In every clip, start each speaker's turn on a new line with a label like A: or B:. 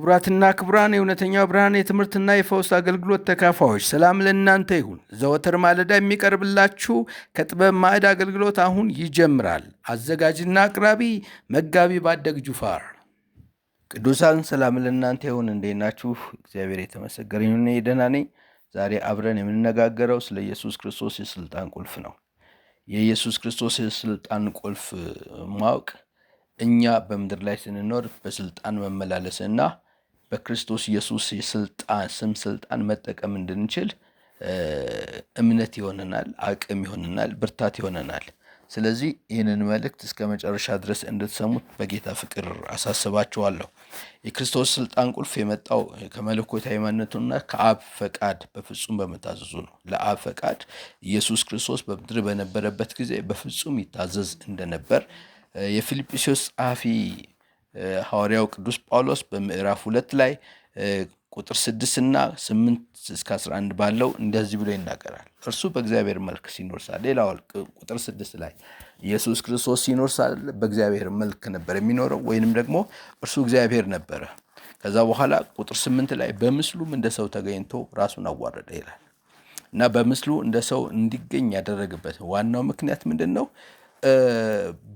A: ክቡራትና ክቡራን የእውነተኛው ብርሃን የትምህርትና የፈውስ አገልግሎት ተካፋዮች ሰላም ለእናንተ ይሁን። ዘወትር ማለዳ የሚቀርብላችሁ ከጥበብ ማዕድ አገልግሎት አሁን ይጀምራል። አዘጋጅና አቅራቢ መጋቢ ባደግ ጁፋር። ቅዱሳን ሰላም ለእናንተ ይሁን። እንዴት ናችሁ? እግዚአብሔር የተመሰገነ ይሁን። ደህና ነኝ። ዛሬ አብረን የምንነጋገረው ስለ ኢየሱስ ክርስቶስ የስልጣን ቁልፍ ነው። የኢየሱስ ክርስቶስ የስልጣን ቁልፍ ማወቅ እኛ በምድር ላይ ስንኖር በስልጣን መመላለስና በክርስቶስ ኢየሱስ ስም ስልጣን መጠቀም እንድንችል እምነት ይሆነናል፣ አቅም ይሆነናል፣ ብርታት ይሆነናል። ስለዚህ ይህንን መልእክት እስከ መጨረሻ ድረስ እንድትሰሙት በጌታ ፍቅር አሳስባችኋለሁ። የክርስቶስ ስልጣን ቁልፍ የመጣው ከመለኮታዊ ማንነቱና ከአብ ፈቃድ በፍጹም በመታዘዙ ነው። ለአብ ፈቃድ ኢየሱስ ክርስቶስ በምድር በነበረበት ጊዜ በፍጹም ይታዘዝ እንደነበር የፊልጵስዩስ ጸሐፊ ሐዋርያው ቅዱስ ጳውሎስ በምዕራፍ ሁለት ላይ ቁጥር ስድስት እና ስምንት እስከ አስራ አንድ ባለው እንደዚህ ብሎ ይናገራል። እርሱ በእግዚአብሔር መልክ ሲኖር ሳለ ሌላው ቁጥር ስድስት ላይ ኢየሱስ ክርስቶስ ሲኖር ሳለ በእግዚአብሔር መልክ ነበር የሚኖረው ወይንም ደግሞ እርሱ እግዚአብሔር ነበረ። ከዛ በኋላ ቁጥር ስምንት ላይ በምስሉም እንደ ሰው ተገኝቶ ራሱን አዋረደ ይላል እና በምስሉ እንደ ሰው እንዲገኝ ያደረገበት ዋናው ምክንያት ምንድን ነው?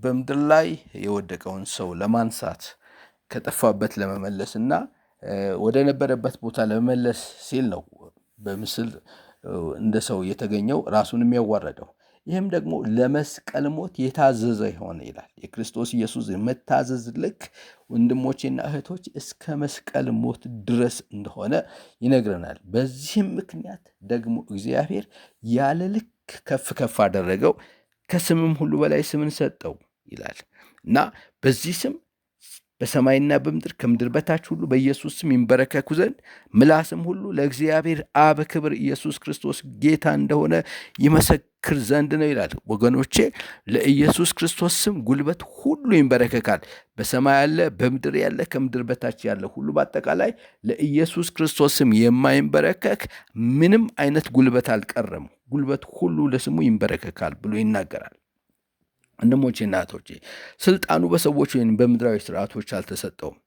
A: በምድር ላይ የወደቀውን ሰው ለማንሳት ከጠፋበት ለመመለስ እና ወደ ነበረበት ቦታ ለመመለስ ሲል ነው በምስል እንደ ሰው የተገኘው ራሱን የሚያዋረደው። ይህም ደግሞ ለመስቀል ሞት የታዘዘ የሆነ ይላል። የክርስቶስ ኢየሱስ የመታዘዝ ልክ ወንድሞቼና እህቶች እስከ መስቀል ሞት ድረስ እንደሆነ ይነግረናል። በዚህም ምክንያት ደግሞ እግዚአብሔር ያለ ልክ ከፍ ከፍ አደረገው። ከስምም ሁሉ በላይ ስምን ሰጠው ይላል እና በዚህ ስም በሰማይና በምድር ከምድር በታች ሁሉ በኢየሱስ ስም ይንበረከኩ ዘንድ ምላስም ሁሉ ለእግዚአብሔር አብ ክብር ኢየሱስ ክርስቶስ ጌታ እንደሆነ ይመሰክር ዘንድ ነው ይላል። ወገኖቼ ለኢየሱስ ክርስቶስ ስም ጉልበት ሁሉ ይንበረከካል። በሰማይ ያለ፣ በምድር ያለ፣ ከምድር በታች ያለ ሁሉ በአጠቃላይ ለኢየሱስ ክርስቶስ ስም የማይንበረከክ ምንም አይነት ጉልበት አልቀረም። ጉልበት ሁሉ ለስሙ ይንበረከካል ብሎ ይናገራል። ወንድሞቼ እና ስልጣኑ በሰዎች ወይም በምድራዊ ስርዓቶች አልተሰጠውም።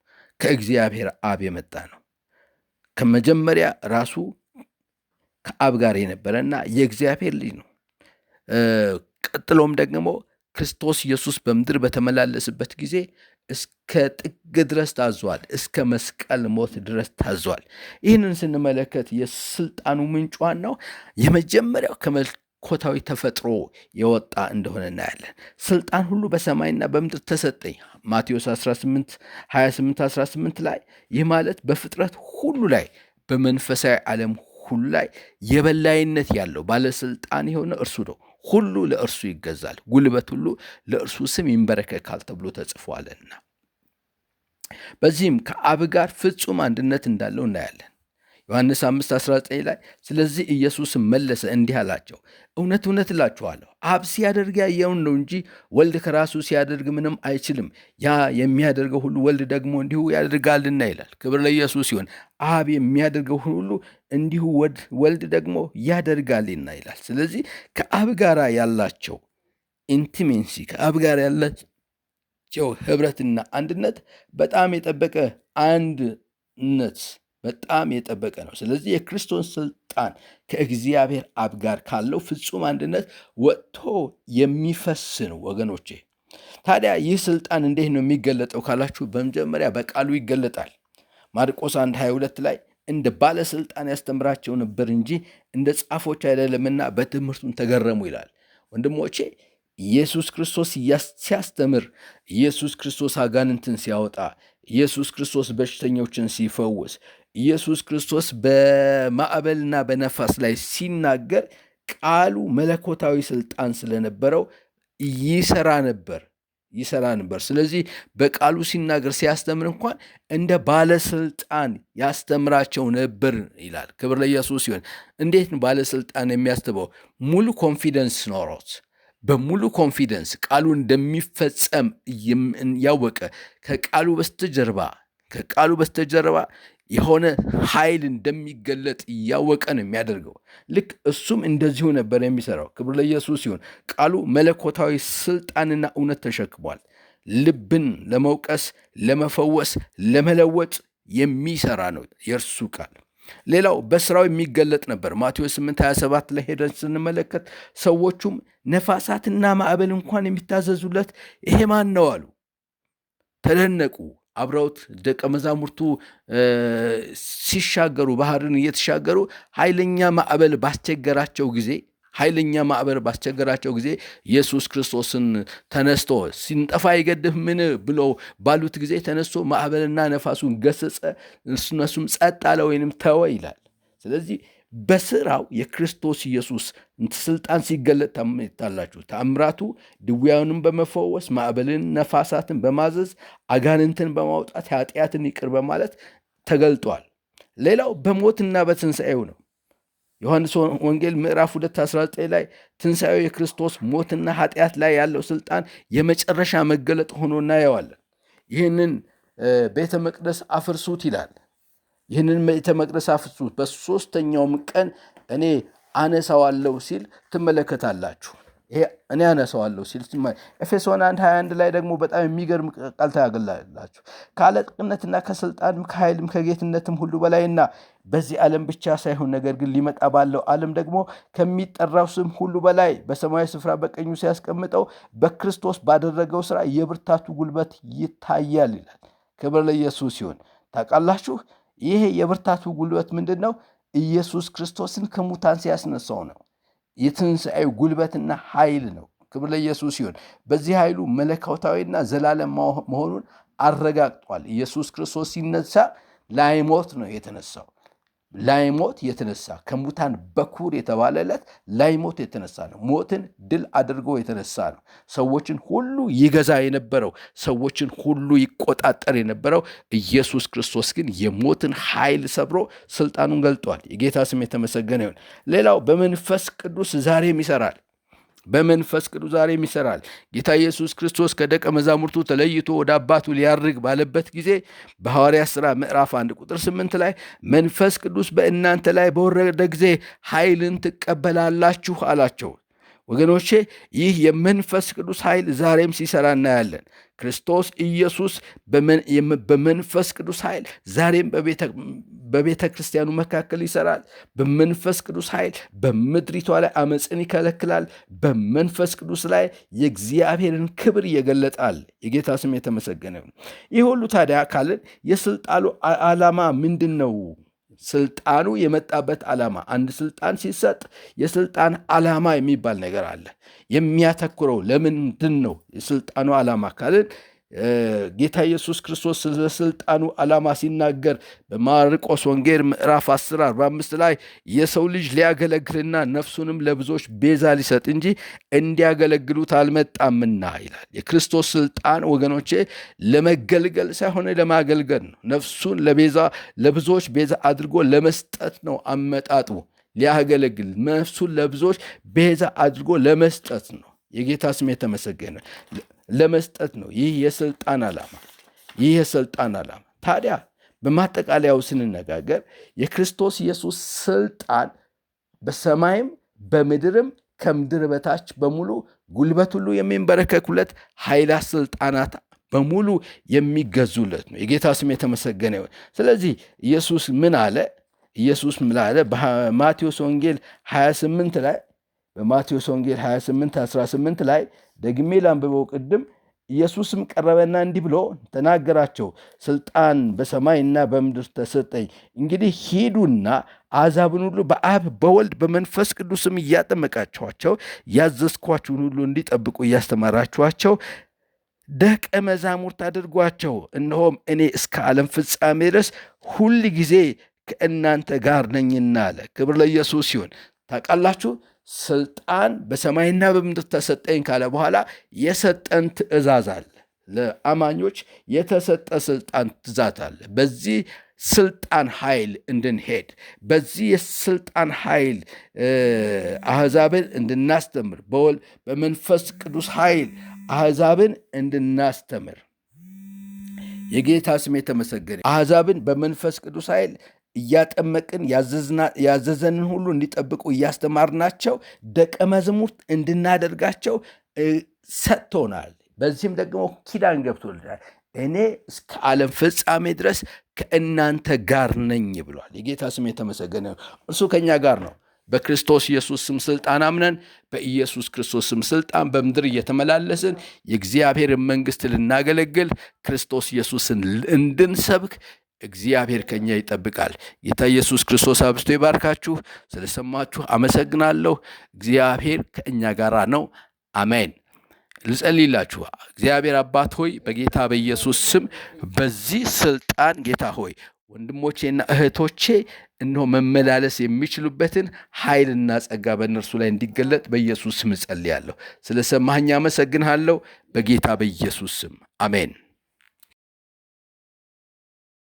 A: ከእግዚአብሔር አብ የመጣ ነው። ከመጀመሪያ ራሱ ከአብ ጋር የነበረና የእግዚአብሔር ልጅ ነው። ቀጥሎም ደግሞ ክርስቶስ ኢየሱስ በምድር በተመላለስበት ጊዜ እስከ ጥግ ድረስ ታዟል። እስከ መስቀል ሞት ድረስ ታዟል። ይህንን ስንመለከት የስልጣኑ ምንጭ ዋናው የመጀመሪያው መለኮታዊ ተፈጥሮ የወጣ እንደሆነ እናያለን። ስልጣን ሁሉ በሰማይና በምድር ተሰጠኝ ማቴዎስ 18 28 18 ላይ ይህ ማለት በፍጥረት ሁሉ ላይ በመንፈሳዊ ዓለም ሁሉ ላይ የበላይነት ያለው ባለስልጣን የሆነ እርሱ ነው። ሁሉ ለእርሱ ይገዛል፣ ጉልበት ሁሉ ለእርሱ ስም ይንበረከካል ተብሎ ተጽፏልና በዚህም ከአብ ጋር ፍጹም አንድነት እንዳለው እናያለን። ዮሐንስ 5:19 ላይ ስለዚህ ኢየሱስ መለሰ እንዲህ አላቸው፣ እውነት እውነት እላችኋለሁ አብ ሲያደርግ ያየውን ነው እንጂ ወልድ ከራሱ ሲያደርግ ምንም አይችልም። ያ የሚያደርገው ሁሉ ወልድ ደግሞ እንዲሁ ያደርጋልና ይላል። ክብር ለኢየሱስ ይሁን። አብ የሚያደርገው ሁሉ እንዲሁ ወልድ ደግሞ ያደርጋልና ይላል። ስለዚህ ከአብ ጋር ያላቸው ኢንቲሜንሲ ከአብ ጋር ያላቸው ህብረትና አንድነት በጣም የጠበቀ አንድነት በጣም የጠበቀ ነው። ስለዚህ የክርስቶስ ስልጣን ከእግዚአብሔር አብ ጋር ካለው ፍጹም አንድነት ወጥቶ የሚፈስን ወገኖቼ። ታዲያ ይህ ስልጣን እንዴት ነው የሚገለጠው ካላችሁ በመጀመሪያ በቃሉ ይገለጣል። ማርቆስ 1 22 ላይ እንደ ባለስልጣን ያስተምራቸው ነበር እንጂ እንደ ጻፎች አይደለምና በትምህርቱም ተገረሙ ይላል። ወንድሞቼ ኢየሱስ ክርስቶስ ሲያስተምር፣ ኢየሱስ ክርስቶስ አጋንንትን ሲያወጣ፣ ኢየሱስ ክርስቶስ በሽተኞችን ሲፈውስ፣ ኢየሱስ ክርስቶስ በማዕበልና በነፋስ ላይ ሲናገር ቃሉ መለኮታዊ ስልጣን ስለነበረው ይሰራ ነበር ይሰራ ነበር። ስለዚህ በቃሉ ሲናገር ሲያስተምር እንኳን እንደ ባለስልጣን ያስተምራቸው ነበር ይላል። ክብር ለኢየሱስ ሲሆን እንዴት ባለስልጣን የሚያስተበው ሙሉ ኮንፊደንስ ኖሮት በሙሉ ኮንፊደንስ ቃሉ እንደሚፈጸም ያወቀ ከቃሉ በስተጀርባ ከቃሉ በስተጀርባ የሆነ ኃይል እንደሚገለጥ እያወቀ ነው የሚያደርገው። ልክ እሱም እንደዚሁ ነበር የሚሰራው። ክብር ለኢየሱስ ሲሆን ቃሉ መለኮታዊ ስልጣንና እውነት ተሸክሟል። ልብን ለመውቀስ፣ ለመፈወስ፣ ለመለወጥ የሚሰራ ነው የእርሱ ቃል። ሌላው በስራው የሚገለጥ ነበር። ማቴዎስ 8 27 ላይ ሄደን ስንመለከት ሰዎቹም ነፋሳትና ማዕበል እንኳን የሚታዘዙለት ይሄ ማን ነው አሉ፣ ተደነቁ። አብረውት ደቀ መዛሙርቱ ሲሻገሩ ባህርን እየተሻገሩ ኃይለኛ ማዕበል ባስቸገራቸው ጊዜ ኃይለኛ ማዕበል ባስቸገራቸው ጊዜ ኢየሱስ ክርስቶስን ተነስቶ ሲንጠፋ አይገድህ ምን ብሎ ባሉት ጊዜ ተነስቶ ማዕበልና ነፋሱን ገሰጸ፣ እነሱም ጸጥ አለ ወይንም ተወ ይላል። ስለዚህ በስራው የክርስቶስ ኢየሱስ ስልጣን ሲገለጥ ታላችሁ። ተአምራቱ ድውያኑን በመፈወስ ማዕበልን፣ ነፋሳትን በማዘዝ አጋንንትን በማውጣት ኃጢአትን ይቅር በማለት ተገልጧል። ሌላው በሞትና በትንሣኤው ነው። ዮሐንስ ወንጌል ምዕራፍ 2 19 ላይ ትንሣኤው የክርስቶስ ሞትና ኃጢአት ላይ ያለው ስልጣን የመጨረሻ መገለጥ ሆኖ እናየዋለን። ይህንን ቤተ መቅደስ አፍርሱት ይላል። ይህንን ቤተ መቅደስ አፍሱ በሶስተኛውም ቀን እኔ አነሳዋለሁ ሲል ትመለከታላችሁ። ይሄ እኔ አነሳዋለሁ ሲል ኤፌሶን 1 21 ላይ ደግሞ በጣም የሚገርም ቃል ታያገላላችሁ። ከአለቅነትና ከስልጣንም ከኃይልም ከጌትነትም ሁሉ በላይና በዚህ ዓለም ብቻ ሳይሆን ነገር ግን ሊመጣ ባለው ዓለም ደግሞ ከሚጠራው ስም ሁሉ በላይ በሰማያዊ ስፍራ በቀኙ ሲያስቀምጠው በክርስቶስ ባደረገው ስራ የብርታቱ ጉልበት ይታያል ይላል። ክብር ለኢየሱስ ይሁን። ታውቃላችሁ ይሄ የብርታቱ ጉልበት ምንድን ነው? ኢየሱስ ክርስቶስን ከሙታን ሲያስነሳው ነው። የትንሣኤው ጉልበትና ኃይል ነው። ክብር ለኢየሱስ ሲሆን በዚህ ኃይሉ መለኮታዊና ዘላለም መሆኑን አረጋግጧል። ኢየሱስ ክርስቶስ ሲነሳ ላይሞት ነው የተነሳው። ላይሞት የተነሳ ከሙታን በኩር የተባለ ዕለት ላይሞት የተነሳ ነው። ሞትን ድል አድርጎ የተነሳ ነው። ሰዎችን ሁሉ ይገዛ የነበረው ሰዎችን ሁሉ ይቆጣጠር የነበረው ኢየሱስ ክርስቶስ ግን የሞትን ኃይል ሰብሮ ስልጣኑን ገልጧል። የጌታ ስም የተመሰገነ ይሁን። ሌላው በመንፈስ ቅዱስ ዛሬም ይሰራል። በመንፈስ ቅዱስ ዛሬም ይሰራል። ጌታ ኢየሱስ ክርስቶስ ከደቀ መዛሙርቱ ተለይቶ ወደ አባቱ ሊያርግ ባለበት ጊዜ በሐዋርያት ሥራ ምዕራፍ 1 ቁጥር 8 ላይ መንፈስ ቅዱስ በእናንተ ላይ በወረደ ጊዜ ኃይልን ትቀበላላችሁ አላቸው። ወገኖቼ ይህ የመንፈስ ቅዱስ ኃይል ዛሬም ሲሰራ እናያለን። ክርስቶስ ኢየሱስ በመንፈስ ቅዱስ ኃይል ዛሬም በቤተ ክርስቲያኑ መካከል ይሰራል። በመንፈስ ቅዱስ ኃይል በምድሪቷ ላይ አመፅን ይከለክላል። በመንፈስ ቅዱስ ላይ የእግዚአብሔርን ክብር ይገለጣል። የጌታ ስም የተመሰገነ ይህ ሁሉ ታዲያ ካልን የስልጣኑ ዓላማ ምንድን ነው? ስልጣኑ የመጣበት ዓላማ አንድ ስልጣን ሲሰጥ የስልጣን ዓላማ የሚባል ነገር አለ። የሚያተኩረው ለምንድን ነው? የስልጣኑ ዓላማ ካልን ጌታ ኢየሱስ ክርስቶስ ስለ ስልጣኑ ዓላማ ሲናገር በማርቆስ ወንጌል ምዕራፍ 10 45 ላይ የሰው ልጅ ሊያገለግልና ነፍሱንም ለብዙዎች ቤዛ ሊሰጥ እንጂ እንዲያገለግሉት አልመጣምና ይላል። የክርስቶስ ስልጣን ወገኖቼ ለመገልገል ሳይሆን ለማገልገል ነው። ነፍሱን ለቤዛ ለብዙዎች ቤዛ አድርጎ ለመስጠት ነው አመጣጡ። ሊያገለግል ነፍሱን ለብዙዎች ቤዛ አድርጎ ለመስጠት ነው። የጌታ ስም የተመሰገነ ለመስጠት ነው። ይህ የስልጣን ዓላማ ይህ የስልጣን ዓላማ ታዲያ በማጠቃለያው ስንነጋገር የክርስቶስ ኢየሱስ ስልጣን በሰማይም በምድርም ከምድር በታች በሙሉ ጉልበት ሁሉ የሚንበረከኩለት ኃይላት፣ ስልጣናት በሙሉ የሚገዙለት ነው። የጌታ ስም የተመሰገነ ይሆን። ስለዚህ ኢየሱስ ምን አለ? ኢየሱስ ምን አለ? በማቴዎስ ወንጌል 28 ላይ በማቴዎስ ወንጌል 28 18 ላይ ደግሜ ላንብበው። ቅድም ኢየሱስም ቀረበና እንዲህ ብሎ ተናገራቸው፣ ስልጣን በሰማይና በምድር ተሰጠኝ። እንግዲህ ሂዱና አሕዛብን ሁሉ በአብ በወልድ በመንፈስ ቅዱስም እያጠመቃችኋቸው ያዘዝኳችሁን ሁሉ እንዲጠብቁ እያስተማራችኋቸው ደቀ መዛሙርት አድርጓቸው። እነሆም እኔ እስከ ዓለም ፍጻሜ ድረስ ሁል ጊዜ ከእናንተ ጋር ነኝና አለ። ክብር ለኢየሱስ ይሁን። ታውቃላችሁ ስልጣን በሰማይና በምድር ተሰጠኝ ካለ በኋላ የሰጠን ትእዛዝ አለ። ለአማኞች የተሰጠ ስልጣን ትእዛዝ አለ። በዚህ ስልጣን ኃይል እንድንሄድ በዚህ የስልጣን ኃይል አህዛብን እንድናስተምር በወል በመንፈስ ቅዱስ ኃይል አህዛብን እንድናስተምር የጌታ ስም የተመሰገነ አህዛብን በመንፈስ ቅዱስ ኃይል እያጠመቅን ያዘዘንን ሁሉ እንዲጠብቁ እያስተማርናቸው ደቀ መዝሙርት እንድናደርጋቸው ሰጥቶናል። በዚህም ደግሞ ኪዳን ገብቶልናል። እኔ እስከ ዓለም ፍጻሜ ድረስ ከእናንተ ጋር ነኝ ብሏል። የጌታ ስም የተመሰገነ። እርሱ ከእኛ ጋር ነው። በክርስቶስ ኢየሱስ ስም ስልጣን አምነን በኢየሱስ ክርስቶስ ስም ስልጣን በምድር እየተመላለስን የእግዚአብሔርን መንግስት ልናገለግል ክርስቶስ ኢየሱስን እንድንሰብክ እግዚአብሔር ከኛ ይጠብቃል። ጌታ ኢየሱስ ክርስቶስ አብስቶ ይባርካችሁ። ስለሰማችሁ አመሰግናለሁ። እግዚአብሔር ከእኛ ጋር ነው። አሜን። ልጸልይላችሁ። እግዚአብሔር አባት ሆይ በጌታ በኢየሱስ ስም በዚህ ስልጣን ጌታ ሆይ ወንድሞቼና እህቶቼ እነሆ መመላለስ የሚችሉበትን ኃይልና ጸጋ በእነርሱ ላይ እንዲገለጥ በኢየሱስ ስም እጸልያለሁ። ስለሰማኸኝ አመሰግንሃለሁ። በጌታ በኢየሱስ ስም አሜን።